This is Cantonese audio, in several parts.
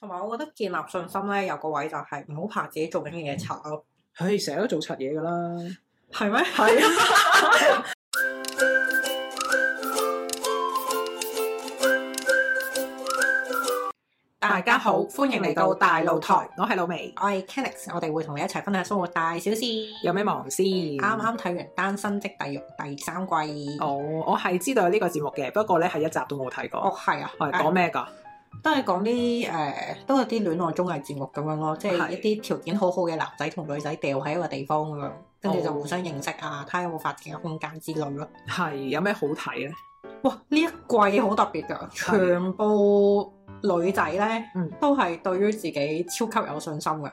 同埋，我覺得建立信心咧，有個位就係唔好怕自己做緊嘅嘢差咯。唉、哎，成日都做差嘢噶啦，係咩？係啊！大家好，歡迎嚟到大露台，我係露媚，我係 Kenneth，我哋會同你一齊分享生活大小事，有咩忙先？啱啱睇完《單身即地獄》第三季，哦，我係知道有呢個節目嘅，不過咧係一集都冇睇過。哦，係啊，係講咩噶？嗯都係講啲誒，都有啲戀愛綜藝節目咁樣咯，即係一啲條件好好嘅男仔同女仔掉喺一個地方咁樣，跟住就互相認識啊，睇下有冇發展嘅空間之類咯。係，有咩好睇咧？哇！呢一季好特別㗎、啊，嗯、全部女仔咧、嗯、都係對於自己超級有信心嘅。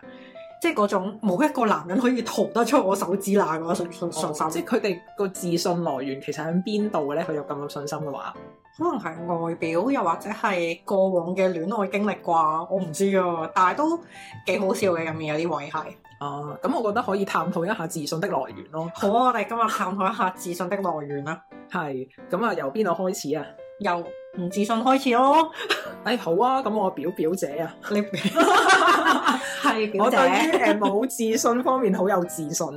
即係嗰種冇一個男人可以逃得出我手指罅嗰個信信信心、哦，即係佢哋個自信來源其實喺邊度咧？佢有咁有信心嘅話，可能係外表又或者係過往嘅戀愛經歷啩？我唔知、嗯、啊，但係都幾好笑嘅入面有啲位係啊！咁我覺得可以探討一下自信的來源咯。好啊，我哋今日探討一下自信的來源啦。係， 咁啊，由邊度開始啊？由唔自信開始咯， 哎好啊，咁我表表姐啊，你 係 表姐，我對於誒冇 自信方面好有自信。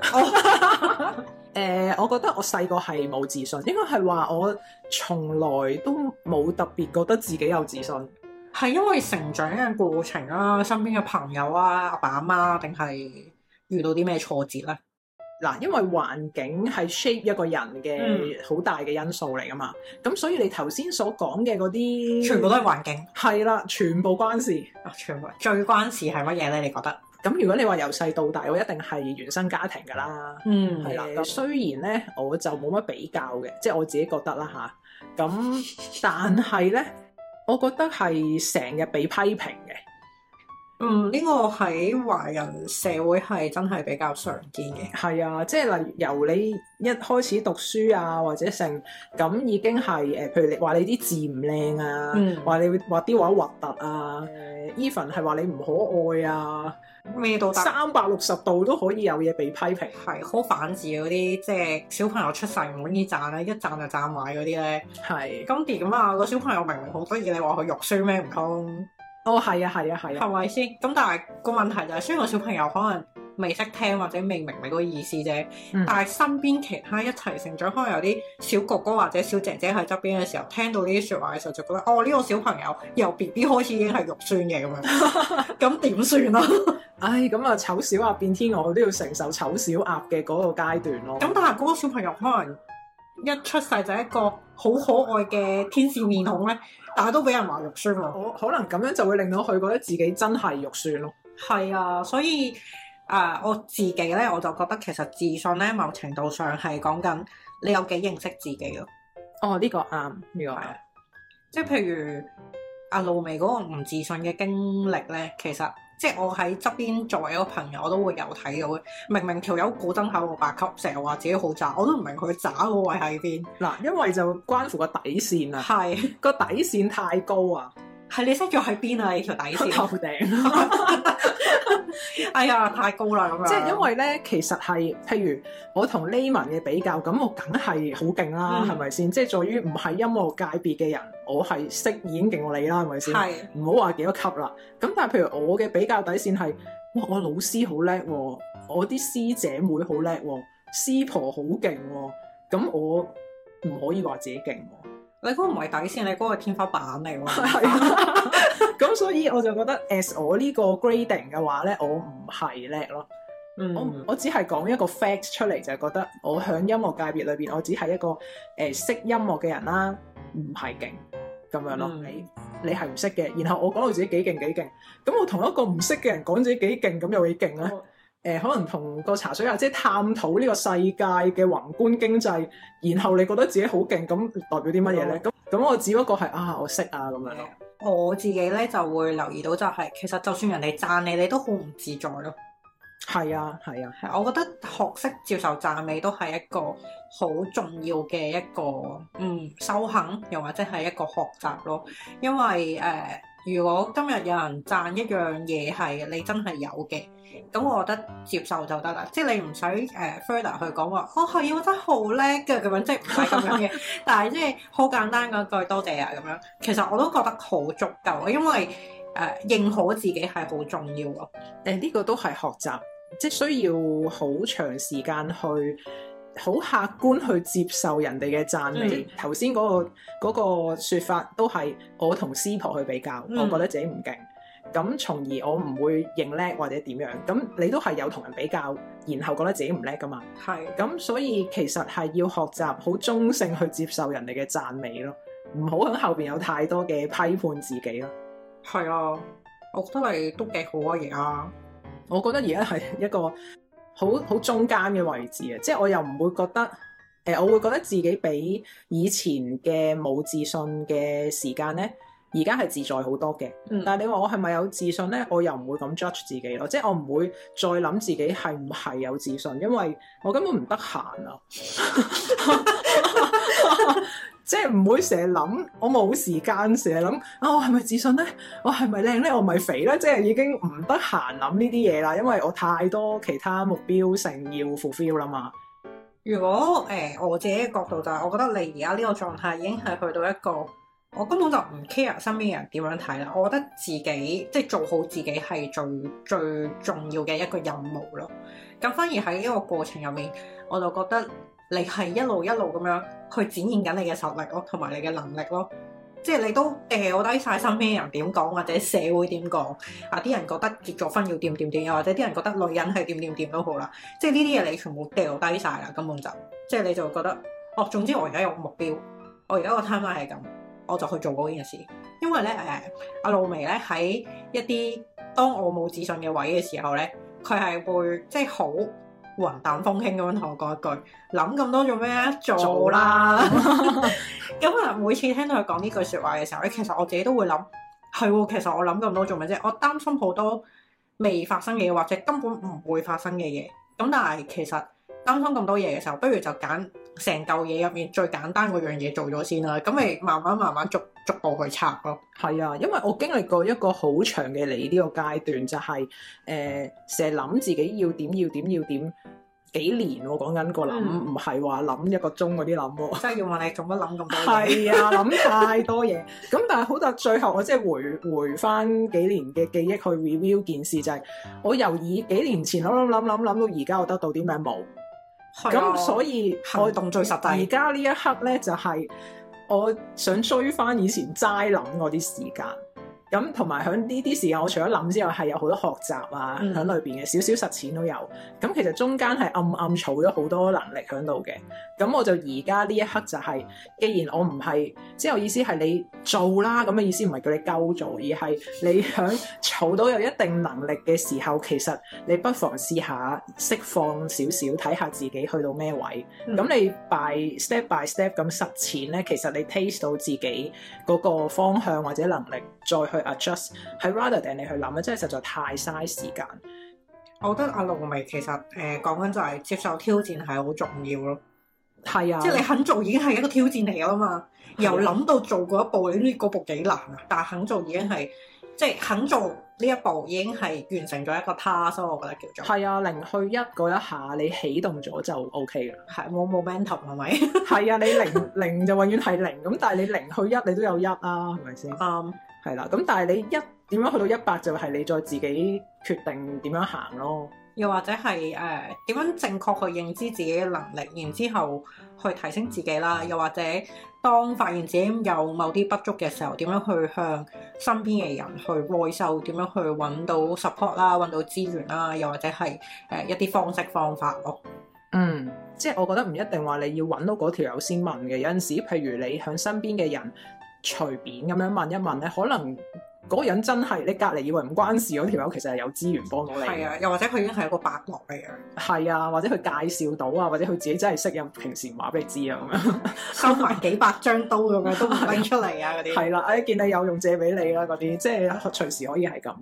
誒、 呃，我覺得我細個係冇自信，應該係話我從來都冇特別覺得自己有自信。係因為成長嘅過程啦、啊，身邊嘅朋友啊，阿爸阿媽定係遇到啲咩挫折咧？嗱，因為環境係 shape 一個人嘅好大嘅因素嚟噶嘛，咁、嗯、所以你頭先所講嘅嗰啲，全部都係環境，係啦，全部關事。啊，全部，最關事係乜嘢咧？你覺得？咁如果你話由細到大，我一定係原生家庭噶啦。嗯，係啦。雖然咧，我就冇乜比較嘅，即、就、係、是、我自己覺得啦吓。咁、啊，但係咧，我覺得係成日被批評嘅。嗯，呢個喺華人社會係真係比較常見嘅。係、嗯、啊，即係例如由你一開始讀書啊，或者成咁已經係誒，譬如你話你啲字唔靚啊，話、嗯、你畫啲畫核突啊，even 係話你唔可愛啊，咩都得。三百六十度都可以有嘢被批評，係好反智嗰啲，即係小朋友出世唔可以讚咧，一讚就讚埋嗰啲咧。係是，咁點啊，個小朋友明明好得意，你話佢肉酸咩唔通？哦，係啊，係啊，係啊，係咪先？咁但係個問題就係、是，雖然我小朋友可能未識聽或者未明你嗰個意思啫，嗯、但係身邊其他一齊成長，可能有啲小哥哥或者小姐姐喺側邊嘅時候，聽到呢啲說話嘅時候，就覺得哦，呢、這個小朋友由 B B 開始已經係肉酸嘅。 」咁 樣、哎，咁點算啊？唉，咁啊醜小鴨變天鵝，我都要承受醜小鴨嘅嗰個階段咯。咁 但係嗰個小朋友可能一出世就係一個好可愛嘅天使面孔咧。但係都俾人話肉酸喎，可可能咁樣就會令到佢覺得自己真係肉酸咯。係啊，所以誒、呃，我自己咧，我就覺得其實自信咧某程度上係講緊你有幾認識自己咯。哦，呢、這個啱，呢個係，啊、即係譬如阿、啊、露媚嗰個唔自信嘅經歷咧，其實。即係我喺側邊作為一個朋友，我都會有睇到嘅。明明條友古登口白，過八級，成日話自己好渣，我都唔明佢渣嗰位喺邊嗱。因為就關乎個底線啊。係個是底線太高啊，係你識咗喺邊啊？你條、嗯、底線頭頂， 哎呀太高啦咁樣。即係因為咧，其實係譬如我同 Layman 嘅比較，咁我梗係好勁啦，係咪先？即係在於唔係音樂界別嘅人。我係識已經勁過你啦，係咪先？係。唔好話幾多級啦。咁但係譬如我嘅比較底線係，我老師好叻，我啲師姐妹好叻，師婆好勁。咁我唔可以話自己勁。你嗰個唔係底線，你嗰個天花板嚟㗎。係啊。咁所以我就覺得，as 我呢個 grading 嘅話咧，我唔係叻咯。嗯。我我只係講一個 fact 出嚟，就係覺得我喺音樂界別裏邊，我只係一個誒識音樂嘅人啦。唔係勁咁樣咯，嗯、你你係唔識嘅，然後我講到自己幾勁幾勁，咁我同一個唔識嘅人講自己幾勁咁又幾勁咧？誒、嗯呃，可能同個茶水阿姐探討呢個世界嘅宏觀經濟，然後你覺得自己好勁，咁代表啲乜嘢咧？咁咁、嗯、我只不過係啊，我識啊咁樣咯。我自己咧就會留意到就係、是，其實就算人哋讚你，你都好唔自在咯。係啊，係啊，我覺得學識接受讚美都係一個好重要嘅一個嗯修行，又或者係一個學習咯。因為誒、呃，如果今日有人讚一樣嘢係你真係有嘅，咁我覺得接受就得啦。即係你唔使誒 further 去講話，哦，係我真係好叻嘅咁樣，即係唔使咁樣嘅。 但係即係好簡單嗰句多謝啊咁樣，其實我都覺得好足夠，因為誒、呃、認可自己係好重要咯。誒、欸、呢、這個都係學習。即需要好長時間去好客觀去接受人哋嘅讚美。頭先嗰個嗰個說法都係我同師婆去比較，嗯、我覺得自己唔勁，咁從而我唔會認叻或者點樣。咁你都係有同人比較，然後覺得自己唔叻噶嘛？係。咁所以其實係要學習好中性去接受人哋嘅讚美咯，唔好響後邊有太多嘅批判自己咯。係啊，我覺得你都幾好啊，而家。我覺得而家係一個好好中間嘅位置啊，即係我又唔會覺得，誒、呃，我會覺得自己比以前嘅冇自信嘅時間呢，而家係自在好多嘅。但係你話我係咪有自信呢？我又唔會咁 judge 自己咯，即係我唔會再諗自己係唔係有自信，因為我根本唔得閒啊。 唔會成日諗，我冇時間成日諗啊！我係咪自信咧？我係咪靚咧？我咪肥咧？即係已經唔得閒諗呢啲嘢啦，因為我太多其他目標性要 fulfill 啦嘛。如果誒、呃、我自己嘅角度就係，我覺得你而家呢個狀態已經係去到一個我根本就唔 care 身邊人點樣睇啦。我覺得自己即係、就是、做好自己係最最重要嘅一個任務咯。咁反而喺呢個過程入面，我就覺得。你係一路一路咁樣去展現緊你嘅實力咯，同埋你嘅能力咯，即係你都掉低晒身邊人點講或者社會點講，啊啲人覺得結咗婚要點點點，又或者啲人覺得女人係點點點都好啦，即係呢啲嘢你全部掉低晒啦，根本就即係你就覺得，哦，總之我而家有目標，我而家個 target 係咁，我就去做嗰件事，因為咧誒，阿、呃、露媚咧喺一啲當我冇自信嘅位嘅時候咧，佢係會即係好。雲淡風輕咁樣同我講一句，諗咁多做咩？做啦！咁 可能每次聽到佢講呢句説話嘅時候咧，其實我自己都會諗，係喎，其實我諗咁多做咩啫？我擔心好多未發生嘅嘢，或者根本唔會發生嘅嘢。咁但係其實擔心咁多嘢嘅時候，不如就揀成嚿嘢入面最簡單嗰樣嘢做咗先啦。咁嚟慢慢慢慢逐。逐步去拆咯，係啊，因為我經歷過一個好長嘅理呢個階段，就係誒，成日諗自己要點要點要點幾年，我講緊個諗，唔係話諗一個鐘嗰啲諗咯。真係要問你做乜諗咁多嘢？係啊，諗太多嘢。咁但係好在最後我即係回回翻幾年嘅記憶去 review 件事，就係我由以幾年前諗諗諗諗諗到而家我得到啲咩？冇。咁所以行動最實際。而家呢一刻咧就係。我想追翻以前齋諗嗰啲時間。咁同埋響呢啲時間，我除咗諗之外係有好多學習啊，響裏邊嘅少少實踐都有。咁其實中間係暗暗儲咗好多能力響度嘅。咁我就而家呢一刻就係、是、既然我唔係即係我意思係你做啦。咁、那、嘅、個、意思唔係叫你夠做，而係你響儲到有一定能力嘅時候，其實你不妨試下釋放少少，睇下自己去到咩位。咁、嗯、你 by step by step 咁實踐咧，其實你 taste 到自己個方向或者能力，再去。啊，just 喺 rather than 你去諗咧，真係實在太嘥時間。我覺得阿露媚其實誒講緊就係接受挑戰係好重要咯，係啊，即係你肯做已經係一個挑戰嚟噶啦嘛。由諗到做嗰一步，你呢嗰步幾難啊？但係肯做已經係。即係肯做呢一步，已經係完成咗一個 task，所以我覺得叫做係啊，零去一嗰一下，你起動咗就 OK 啦。係冇冇 momentum 係咪？係、um, 啊，你零零就永遠係零咁，但係你零去一，你都有一啊，係咪先？啱係啦，咁但係你一點樣去到一百，就係你再自己決定點樣行咯。又或者係誒點樣正確去認知自己嘅能力，然之後去提升自己啦。又或者當發現自己有某啲不足嘅時候，點樣去向身邊嘅人去內修，點樣去揾到 support 啦，揾到資源啦。又或者係誒、呃、一啲方式方法咯。嗯，即係我覺得唔一定話你要揾到嗰條友先問嘅，有陣時譬如你向身邊嘅人隨便咁樣問一問咧，可能。嗰個人真係你隔離以為唔關事嗰條友，其實係有資源幫到你。係啊，又或者佢已經係一個伯樂嚟嘅。係啊，或者佢介紹到啊，或者佢自己真係識人，平時話俾你知啊，收埋幾百張刀咁樣 都唔拎出嚟啊，嗰啲係啦，哎見到有用借俾你啦，嗰啲即係隨時可以係咁。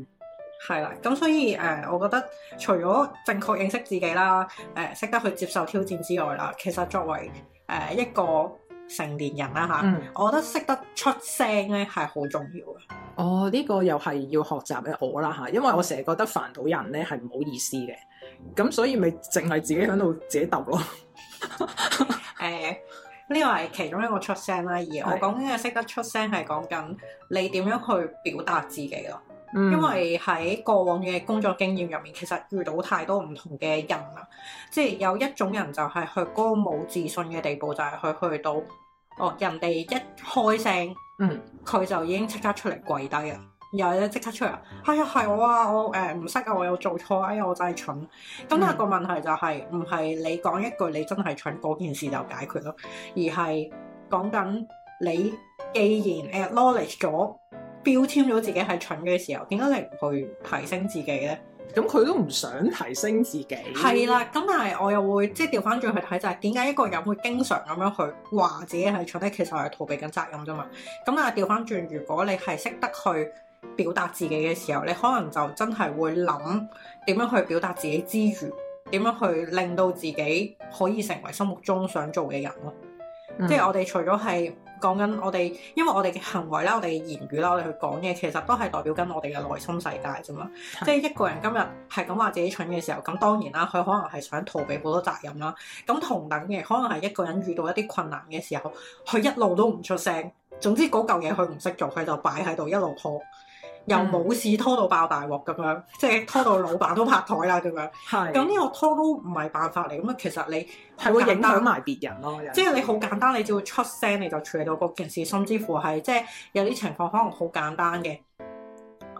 係啦、啊，咁所以誒、呃，我覺得除咗正確認識自己啦，誒、呃、識得去接受挑戰之外啦，其實作為誒、呃、一個。成年人啦吓，嗯、我覺得識得出聲咧係好重要嘅。哦，呢、呢個又係要學習嘅我啦吓，因為我成日覺得煩到人咧係唔好意思嘅，咁所以咪淨係自己喺度自己揼咯。誒、 欸，呢個係其中一個出聲啦，而我講緊嘅識得出聲係講緊你點樣去表達自己咯。是因為喺過往嘅工作經驗入面，其實遇到太多唔同嘅人啦，即係有一種人就係去嗰個冇自信嘅地步，就係、是、去去到。哦，人哋一開聲，嗯，佢就已經即刻出嚟跪低啊，又後咧即刻出嚟，係啊，係我啊，我誒唔、呃、識啊，我又做錯，哎呀我真係蠢。咁啊個問題就係、是，唔係、嗯、你講一句你真係蠢嗰件事就解決咯，而係講緊你既然誒 acknowledge 咗標籤咗自己係蠢嘅時候，點解你唔去提升自己咧？咁佢都唔想提升自己。係啦，咁但係我又會即係調翻轉去睇，就係點解一個人會經常咁樣去話自己係蠢咧？其實係逃避緊責任啫嘛。咁但係，調翻轉，如果你係識得去表達自己嘅時候，你可能就真係會諗點樣去表達自己之餘，點樣去令到自己可以成為心目中想做嘅人咯。嗯、即係我哋除咗係。講緊我哋，因為我哋嘅行為啦，我哋嘅言語啦，我哋去講嘢，其實都係代表緊我哋嘅內心世界啫嘛。嗯。即係一個人今日係咁話自己蠢嘅時候，咁當然啦，佢可能係想逃避好多責任啦。咁同等嘅，可能係一個人遇到一啲困難嘅時候，佢一路都唔出聲。總之嗰嚿嘢佢唔識做，佢就擺喺度一路拖。又冇事拖到爆大鑊咁樣，即係拖到老闆都拍台啦咁樣。係，咁呢個拖都唔係辦法嚟。咁啊，其實你係會影響埋別人咯、啊。即係你好簡單，你只要出聲你就處理到個件事，甚至乎係即係有啲情況可能好簡單嘅。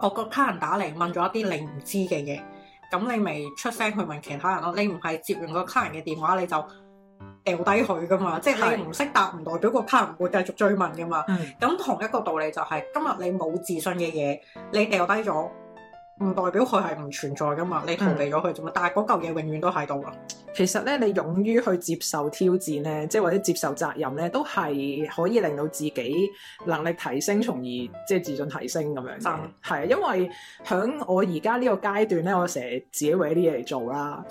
我個客人打嚟問咗一啲你唔知嘅嘢，咁你咪出聲去問其他人咯。你唔係接完個客人嘅電話你就。掉低佢㗎嘛，嗯、即係你唔識答，唔代表個卡唔會繼續追問㗎嘛。咁、嗯、同一個道理就係、是，今日你冇自信嘅嘢，你掉低咗，唔代表佢係唔存在㗎嘛。你逃避咗佢啫嘛，嗯、但係嗰嚿嘢永遠都喺度啊。其實咧，你勇於去接受挑戰咧，即係或者接受責任咧，都係可以令到自己能力提升，從而即係自信提升咁樣嘅。啊、嗯，因為響我而家呢個階段咧，我成日自己搵啲嘢嚟做啦。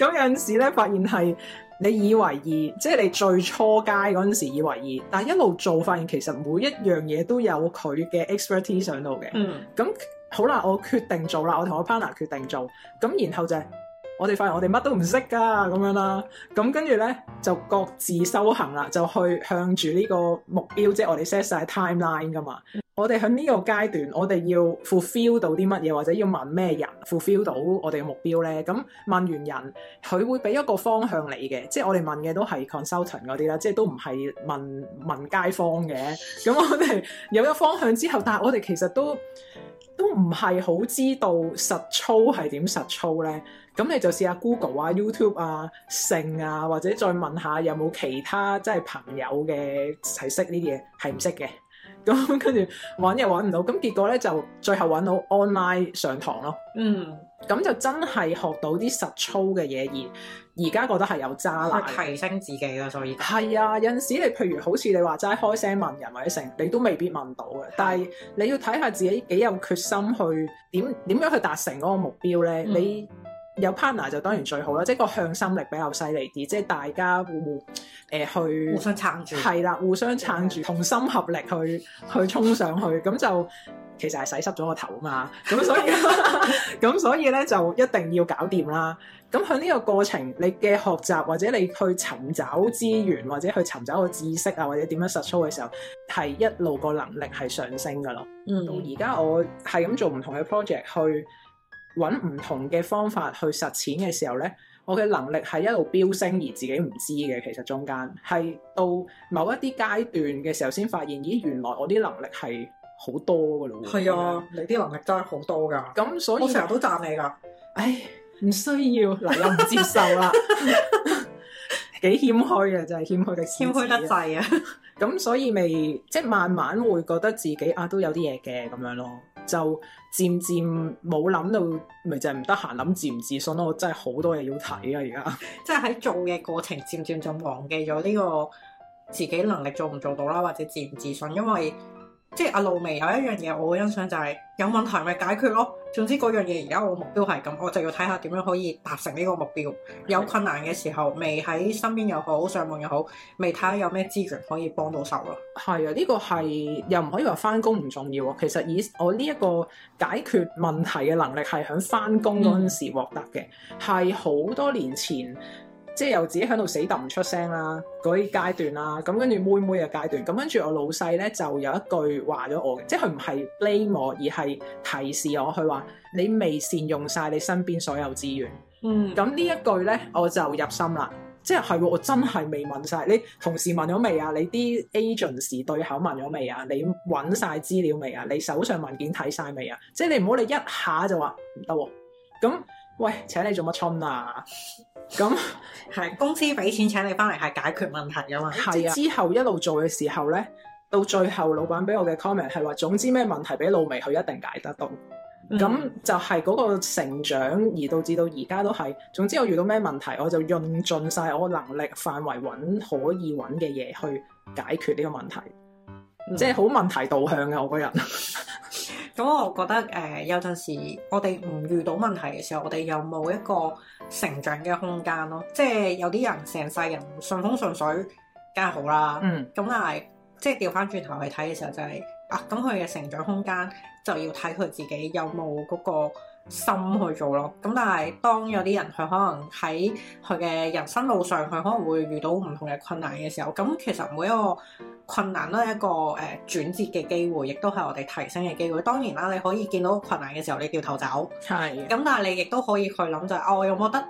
咁 有陣時咧，發現係你以為二，即係你最初階嗰陣時以為二，但係一路做發現其實每一樣嘢都有佢嘅 expertise 上到嘅。嗯。咁好啦，我決定做啦，我同我 partner 決定做咁，然後就係。我哋發現我哋乜都唔識㗎，咁樣啦、啊，咁跟住咧就各自修行啦，就去向住呢個目標，即係我哋 set 晒 timeline 㗎嘛。 我哋喺呢個階段，我哋要 fulfill 到啲乜嘢，或者要問咩人 fulfill 到我哋嘅目標咧？咁、嗯、問完人，佢會俾一個方向你嘅，即係我哋問嘅都係 consultant 嗰啲啦，即係都唔係問問街坊嘅。咁、嗯、我哋有咗方向之後，但係我哋其實都都唔係好知道實操係點實操呢。咁你就試下 Google 啊、YouTube 啊、剩啊，或者再問下有冇其他即係朋友嘅係識呢啲嘢，係唔識嘅。咁跟住揾又揾唔到，咁結果咧就最後揾到 online 上堂咯。嗯，咁就真係學到啲實操嘅嘢而而家覺得係有渣拿提升自己啦，所以係、就係、啊，有陣時你譬如好似你話齋開聲問人或者成，你都未必問到嘅。的但係你要睇下自己幾有決心去點點樣去達成嗰個目標咧，嗯、你。有 partner 就當然最好啦，即係個向心力比較犀利啲，即係大家會誒、呃、去互相撐住，係啦，互相撐住，撐住同心合力去 去衝上去，咁就其實係洗濕咗個頭啊嘛，咁所以咁 所以咧就一定要搞掂啦。咁喺呢個過程，你嘅學習或者你去尋找資源，或者去尋找個知識啊，或者點樣實操嘅時候，係一路個能力係上升噶咯。嗯、到而家我係咁、嗯、 做唔同嘅 project 去。揾唔同嘅方法去實踐嘅時候咧，我嘅能力係一路飆升而自己唔知嘅。其實中間係到某一啲階段嘅時候先發現，咦、哎，原來我啲能力係好多噶咯喎。係啊，你啲能力真係好多噶。咁所以我成日都讚你噶。唉，唔需要嗱，又唔接受啦。 幾謙虛嘅，就係、係、謙,謙虛得謙虛得滯啊。咁 所以咪，即係慢慢會覺得自己啊都有啲嘢嘅咁樣咯。就漸漸冇諗到，咪就係唔得閒諗自唔自信咯。我真係好多嘢要睇啊，而家即係喺做嘢過程，漸漸就忘記咗呢個自己能力做唔做到啦，或者自唔自信，因為。即係阿露媚有一樣嘢，我好欣賞就係有問題咪解決咯。總之嗰樣嘢而家我目標係咁，我就要睇下點樣可以達成呢個目標。有困難嘅時候，未喺身邊又好，上網又好，未睇下有咩資源可以幫到手啦。係啊，呢個係又唔可以話翻工唔重要啊。其實以我呢一個解決問題嘅能力係喺翻工嗰陣時獲得嘅，係好，嗯，多年前。即係由自己喺度死揼唔出聲啦、啊，嗰啲階段啦、啊，咁跟住悶悶嘅階段，咁跟住我老細咧就有一句話咗我嘅，即係佢唔係 blame 我，而係提示我佢話你未善用晒你身邊所有資源。嗯，咁呢一句咧我就入心啦，即係係我真係未問晒你同事問咗未啊？你啲 agent 時對口問咗未啊？你揾晒資料未啊？你手上文件睇晒未啊？即係你唔好你一下就話唔得喎，咁、啊。喂，請你做乜春啊？咁係， 那 公司俾錢請你翻嚟，係解決問題噶嘛？係、 啊、之後一路做嘅時候咧，到最後老闆俾我嘅 comment 係話，總之咩問題俾老味佢一定解得到。咁、嗯、就係嗰個成長，而導致到而家都係，總之我遇到咩問題，我就用盡晒我能力範圍揾可以揾嘅嘢去解決呢個問題。嗯、即係好問題導向嘅我個人。 咁我覺得誒、呃、有陣時，我哋唔遇到問題嘅時候，我哋有冇一個成長嘅空間咯。即係有啲人成世人順風順水，梗係好啦。咁、嗯、但係即係調翻轉頭去睇嘅時候、就係，就係啊，咁佢嘅成長空間就要睇佢自己有冇嗰、嗰個心去做咯，咁但係當有啲人佢可能喺佢嘅人生路上，佢可能會遇到唔同嘅困難嘅時候，咁其實每一個困難都係一個誒、呃、轉折嘅機會，亦都係我哋提升嘅機會。當然啦，你可以見到困難嘅時候，你掉頭走，係的，咁但係你亦都可以去諗就係、是啊，我有冇得？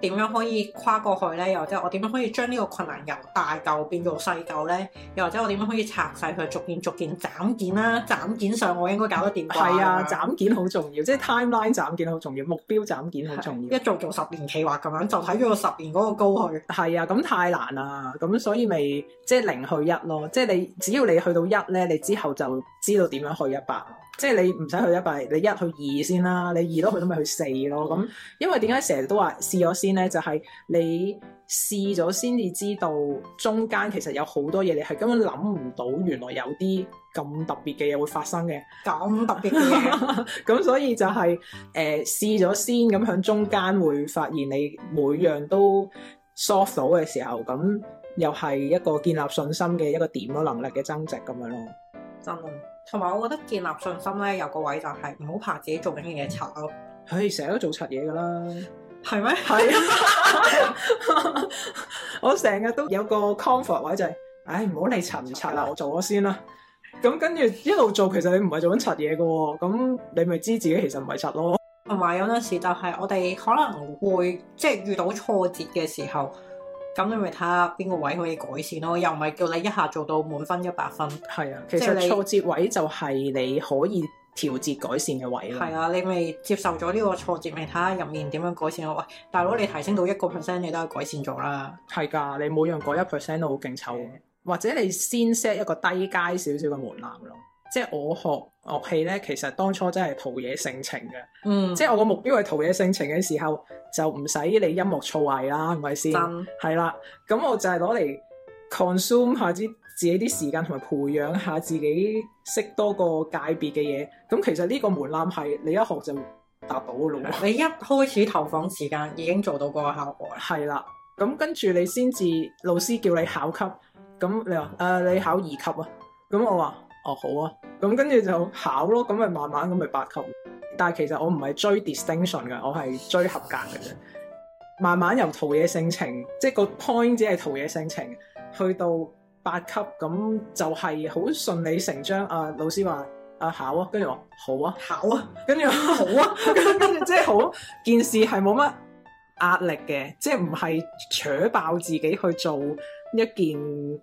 點樣可以跨過去咧？又或者我點樣可以將呢個困難由大嚿變做細嚿咧？又或者我點樣可以拆細佢，逐件逐件斬件啦、啊？斬件上我應該搞得掂。係啊，斬件好重要，即係 timeline 斬件好重要，目標斬件好重要、啊。一做做十年企劃咁樣，就睇咗十年嗰個高去。係啊，咁太難啦，咁所以咪即係零去一咯。即係你只要你去到一咧，你之後就知道點樣去一百。即係你唔使去一拜，你一去二先啦，你二都去，到咪去四咯。咁，因為點解成日都話試咗先呢？就係、是、你試咗先至知道，中間其實有好多嘢你係根本諗唔到，原來有啲咁特別嘅嘢會發生嘅，咁特別嘅嘢。咁 所以就係、是、誒、呃、試咗先，咁響中間會發現你每樣都 soft 到嘅時候，咁又係一個建立信心嘅一個點咯，能力嘅增值咁樣咯，真同埋，我覺得建立信心咧，有個位就係唔好怕自己做緊嘅嘢柒咯。唉，成日、 哎、都做柒嘢噶啦，係咪嗎？係啊，我成日都有個 comfort 位就係、是，唉、哎，唔好理柒唔柒啦，我做咗先啦。咁跟住一路做，其實你唔係做緊柒嘢噶喎。咁你咪知自己其實唔係柒咯。同埋有陣時就係我哋可能會即係遇到挫折嘅時候。咁你咪睇下邊個位可以改善咯，又唔係叫你一下做到滿分一百分。係啊，其實你挫折位就係你可以調節改善嘅位咯。係啊，你咪接受咗呢個挫折，咪睇下入面點樣改善咯。喂，大佬，你提升到一個 percent，你都係改善咗啦。係㗎，你每樣改一 percent 都好勁抽。係嘅。或者你先 set 一個低階少少嘅門檻咯。即係我學樂器咧，其實當初真係陶冶性情嘅。嗯，即係我個目標係陶冶性情嘅時候，就唔使你音樂造詣啦，係咪先？真係啦。咁我就係攞嚟 consume 下啲自己啲時間，同埋培養下自己識多個界別嘅嘢。咁其實呢個門檻係你一學就達到嘅咯。嗯、 你一開始投放時間已經做到個效果係啦。咁跟住你先至老師叫你考級，咁你話誒、呃、你考二級啊？咁我話。哦，好啊，咁跟住就考咯，咁咪慢慢咁咪八級。但係其實我唔係追 distinction 㗎，我係追合格嘅啫。慢慢由陶冶性情，即係個 point 只係陶冶性情，去到八級咁就係好順理成章。啊，老師話啊考，啊，跟住我好啊，考啊，跟住我好啊，跟跟住即係好啊， 好件事係冇乜壓力嘅，即係唔係扯爆自己去做一件。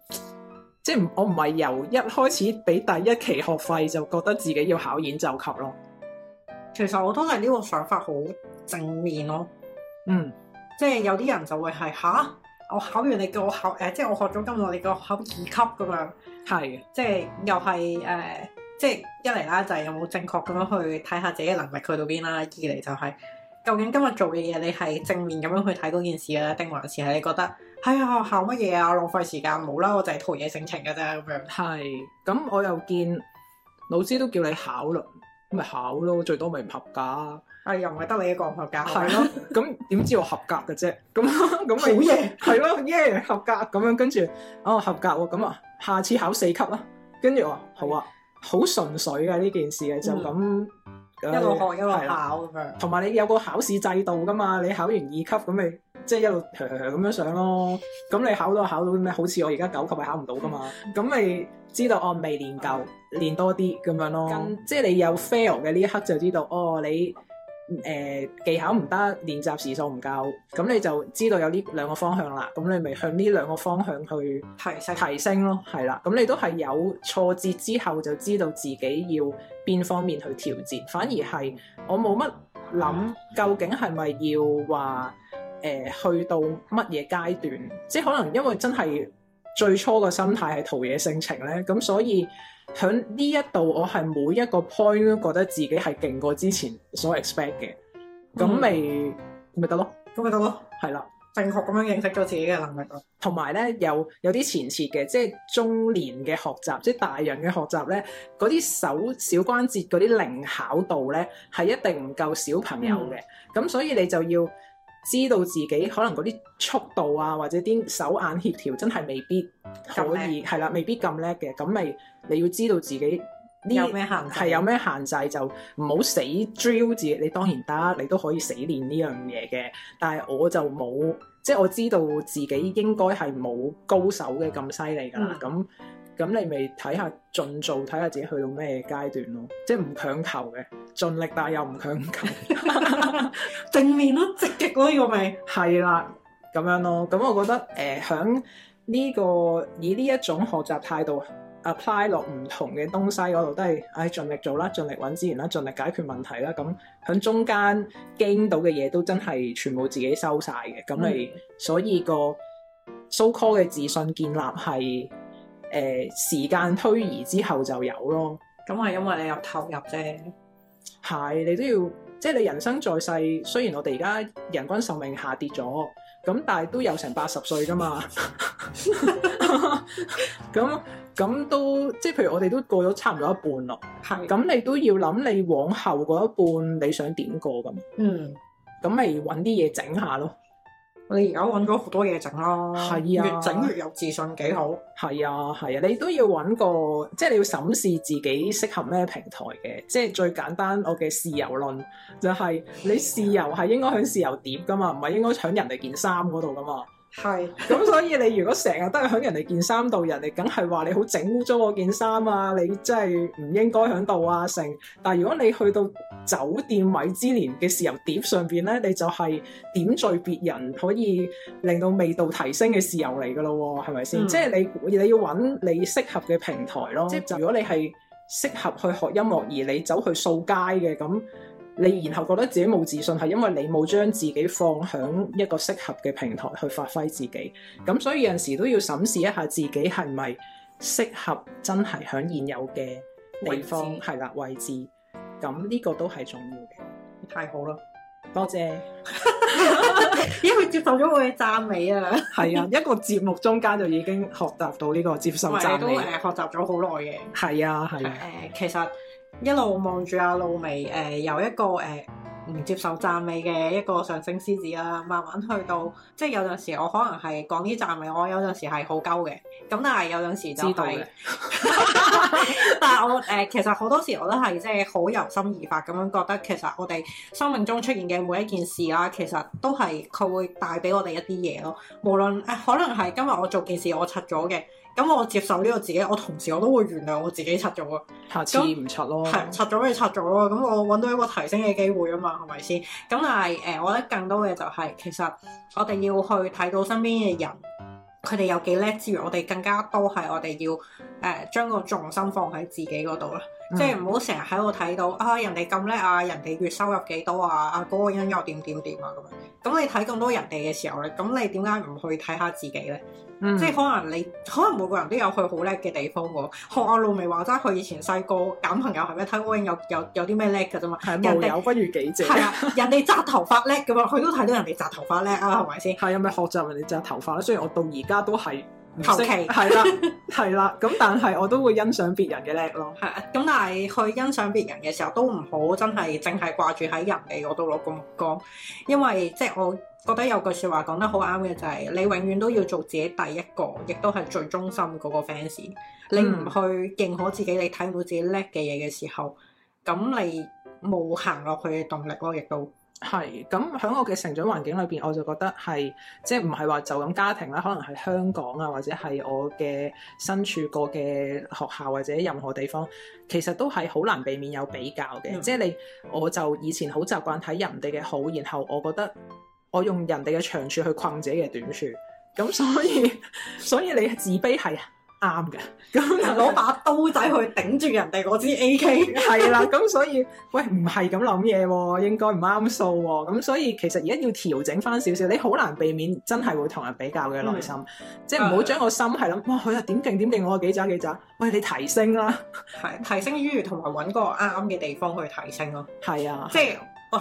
即係我唔係由一開始俾第一期學費就覺得自己要考演奏級咯。其實我都係呢個想法好正面咯。嗯，即係有啲人就會係吓，我考完你叫我考誒、呃，即係我學咗今日你叫我考二級咁樣。係的、呃，即係又係誒，即係一嚟啦，就係有冇正確咁樣去睇下自己嘅能力去到邊啦。二嚟就係、是、究竟今日做嘅嘢，你係正面咁樣去睇嗰件事咧，定還是係你覺得？係啊，哎，考乜嘢啊？浪費時間，冇啦，我就係陶冶性情嘅啫。係，咁我又見老師都叫你考啦，咪考咯，最多咪唔合格。啊，哎，又唔係得你一個唔合格。係咯，咁點知我合格嘅啫？咁咁咪好嘢。係咯，耶，合格。咁，嗯 yeah, 樣跟住，哦，合格。咁啊，下次考四級啊。跟住我話，好啊，好純粹嘅呢件事嘅，就咁一路學一路考咁樣。同埋，嗯、你有個考試制，制度噶嘛？你考完二級咁咪。即係一路咁樣上咯，咁你考到考到咩？好似我而家九級係考唔到㗎嘛，咁咪 知道我未練夠，練多啲咁樣咯。嗯、即係你有 fail 嘅呢一刻，就知道哦，你誒、呃、技巧唔得，練習時數唔夠，咁你就知道有呢兩個方向啦。咁你咪向呢兩個方向去提升提升咯，係啦。咁你都係有挫折之後，就知道自己要邊方面去調節。反而係我冇乜諗究竟係咪要話。誒、呃、去到乜嘢階段？即係可能因為真係最初個心態係陶冶性情咧，咁所以喺呢一度，我係每一個 point 都覺得自己係勁過之前所 expect 嘅，咁咪咪得咯，咁咪得咯，係啦了，正確咁樣認識咗自己嘅能力咯。同埋咧，有有啲前設嘅，即係中年嘅學習，即係大人嘅學習咧，嗰啲手小關節嗰啲靈巧度咧，係一定唔夠小朋友嘅，咁、嗯、所以你就要。知道自己可能嗰啲速度啊，或者啲手眼協調真係未必可以係啦，未必咁叻嘅，咁咪你要知道自己呢係有咩限，限制就唔好死 drill 自己，你當然得，你都可以死練呢樣嘢嘅，但係我就冇，即係我知道自己應該係冇高手嘅咁犀利㗎啦咁。嗯咁你咪睇下盡做，睇下自己去到咩階段咯，即係唔強求嘅，盡力但又唔強求， 正面咯、啊，積極咯、啊，呢個咪係啦咁樣咯。咁我覺得誒，響、呃、呢、呢個以呢一種學習態度 apply 落唔同嘅東西嗰度，都係唉、哎、盡力做啦，盡力揾資源啦，盡力解決問題啦。咁響中間經到嘅嘢都真係全部自己收晒嘅。咁、嗯、你，所以個 so call 嘅自信建立係。誒、呃、時間推移之後就有咯，咁係因為你有投入啫，係你都要，即係你人生在世，雖然我哋而家人均壽命下跌咗，咁但係都有成八十歲噶嘛，咁咁都即係譬如我哋都過咗差唔多一半咯，係的，咁你都要諗你往後嗰一半你想點過咁，嗯，咁咪搵啲嘢整下咯。你而家揾咗好多嘢整啦，係啊、越整越有自信，幾好。係啊，係啊，你都要揾個，即係你要審視自己適合咩平台嘅，即係最簡單，我嘅豉油論就係、是、你豉油係應該喺豉油碟噶嘛，唔係應該搶人哋件衫嗰度噶嘛。係，咁 所以你如果成日都係喺人哋件衫度，人哋梗係話你好整污糟嗰件衫啊！你真係唔應該喺度啊！成，但係如果你去到酒店米芝蓮嘅豉油碟上邊咧，你就係點綴別人可以令到味道提升嘅豉油嚟噶咯，係咪先？嗯、即係你你要揾你適合嘅平台咯。即係就如果你係適合去學音樂，嗯、而你走去掃街嘅咁。你然後覺得自己冇自信，係因為你冇將自己放響一個適合嘅平台去發揮自己。咁所以有陣時都要審視一下自己係咪適合，真係響現有嘅地方係啦位置。咁呢個都係重要嘅。太好啦，多謝。因為接受咗我嘅讚美啊。係 啊，一個節目中間就已經學習到呢個接受讚美。我哋都誒學習咗好耐嘅。係啊，係啊。其實。一路望住阿露媚，誒、呃、有一個。誒、呃。唔接受讚美嘅一個上升獅子啦、啊，慢慢去到，即係有陣時我可能係講啲讚美，我有陣時係好鳩嘅，咁但係有陣時就係，但係我誒、呃、其實好多時我都係即係好由心而發咁樣覺得，其實我哋生命中出現嘅每一件事啦、啊，其實都係佢會帶俾我哋一啲嘢咯。無論誒、呃、可能係今日我做件事我柒咗嘅，咁我接受呢個自己，我同時我都會原諒我自己柒咗，下次唔柒咯，係柒咗咪柒咗咯，咁我揾到一個提升嘅機會啊嘛～係咪先？咁、嗯嗯嗯、但係誒，我、覺、得更多嘅就係，其實我哋要去睇到身邊嘅人，佢哋有幾叻之餘，我哋更加多係我哋要誒，將、呃、個重心放喺自己嗰度啦。嗯、即係唔好成日喺度睇到啊，人哋咁叻啊，人哋月收入幾多啊，啊嗰個人又點點點啊，咁樣，咁你睇咁多人哋嘅時候咧，咁你點解唔去睇下自己咧？嗯、即係可能你可能每個人都有佢好叻嘅地方喎。學阿露媚話齋，佢以前細個揀朋友係咪睇烏蠅，有有有啲咩叻嘅啫嘛。冇友有家不如己者。係對 啊，人哋紮頭髮叻嘅嘛，佢都睇到人哋紮頭髮叻啊，係咪先？係有咩學習人哋紮頭髮咧。雖然我到而家都係。求其係啦，係啦， 咁但係我都會欣賞別人嘅叻咯，係。咁但係去欣賞別人嘅時候，都唔好真係淨係掛住喺人哋嗰度攞個目光，因為即係、就是、我覺得有句話說話講得好啱嘅就係、是，你永遠都要做自己第一個，亦都係最忠心嗰個 fans。嗯、你唔去認可自己，你睇唔到自己叻嘅嘢嘅時候，咁你冇行落去嘅動力咯，亦都。係，咁喺我嘅成長環境裏邊，我就覺得係，即係唔係話就咁家庭啦，可能係香港啊，或者係我嘅身處過嘅學校或者任何地方，其實都係好難避免有比較嘅，嗯、即係你，我就以前好習慣睇人哋嘅好，然後我覺得我用人哋嘅長處去困自己嘅短處，咁所以， 所以你嘅自卑係。啱嘅，咁攞把刀仔去頂住人哋， 嗰支 AK。係啦，咁所以喂，唔係咁諗嘢，應該唔啱數，咁所以其實而家要調整翻少少，你好難避免真係會同人比較嘅內心，嗯、即係唔好將個心係諗，嗯、哇佢又點勁？點勁？我幾渣幾渣，喂你提升啦，係提升之餘同埋揾個啱啱嘅地方去提升咯，係啊的，即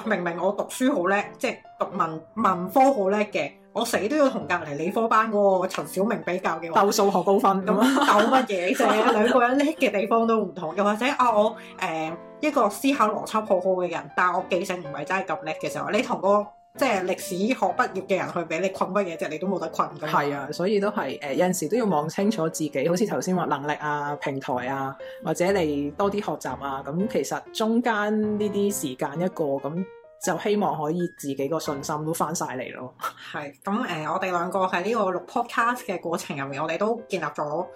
係明明我讀書好叻，即係讀文文科好叻嘅。我死都要同隔離理科班個陳、哦、小明比較嘅，鬥數學高分咁啊，鬥乜嘢啫？ 兩個人叻嘅地方都唔同，又或者啊，我誒、呃、一個思考邏輯好好嘅人，但係我記性唔係真係咁叻嘅時候，你同個即係歷史學畢業嘅人去比，你困乜嘢啫？你都冇得困嘅。係啊，所以都係誒、呃，有陣時都要望清楚自己，好似頭先話能力啊、平台啊，或者你多啲學習啊，咁其實中間呢啲時間一個咁。嗯就希望可以自己個信心都翻晒嚟咯。係，咁誒、呃，我哋兩個喺呢個錄 podcast 嘅過程入面，我哋都建立咗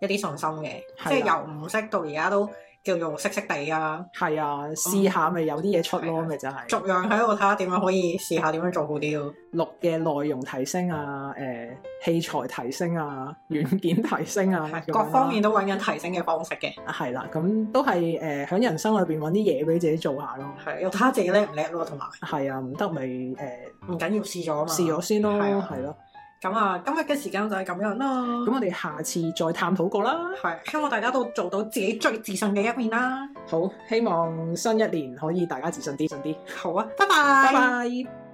一啲信心嘅，的即係由唔識到而家都。要用色色地啊，係啊，試下咪有啲嘢出咯，咪、嗯、就係、是。逐樣喺度睇下點樣可以試下點樣做好啲咯。錄嘅內容提升啊，誒、呃，器材提升啊，軟件提升啊，的啊各方面都搵緊提升嘅方式嘅。係啦，咁都係誒，響、呃、人生裏邊搵啲嘢俾自己做下咯。呃、係，又睇下自己叻唔叻咯，同埋。係啊，唔得咪誒，唔緊要，試咗啊試咗先咯，係咯。咁啊，今日嘅時間就係咁樣啦。咁我哋下次再探討過啦。係，希望大家都做到自己最自信嘅一面啦。好，希望新一年可以大家自信啲，順啲。好啊，拜拜 bye，拜拜。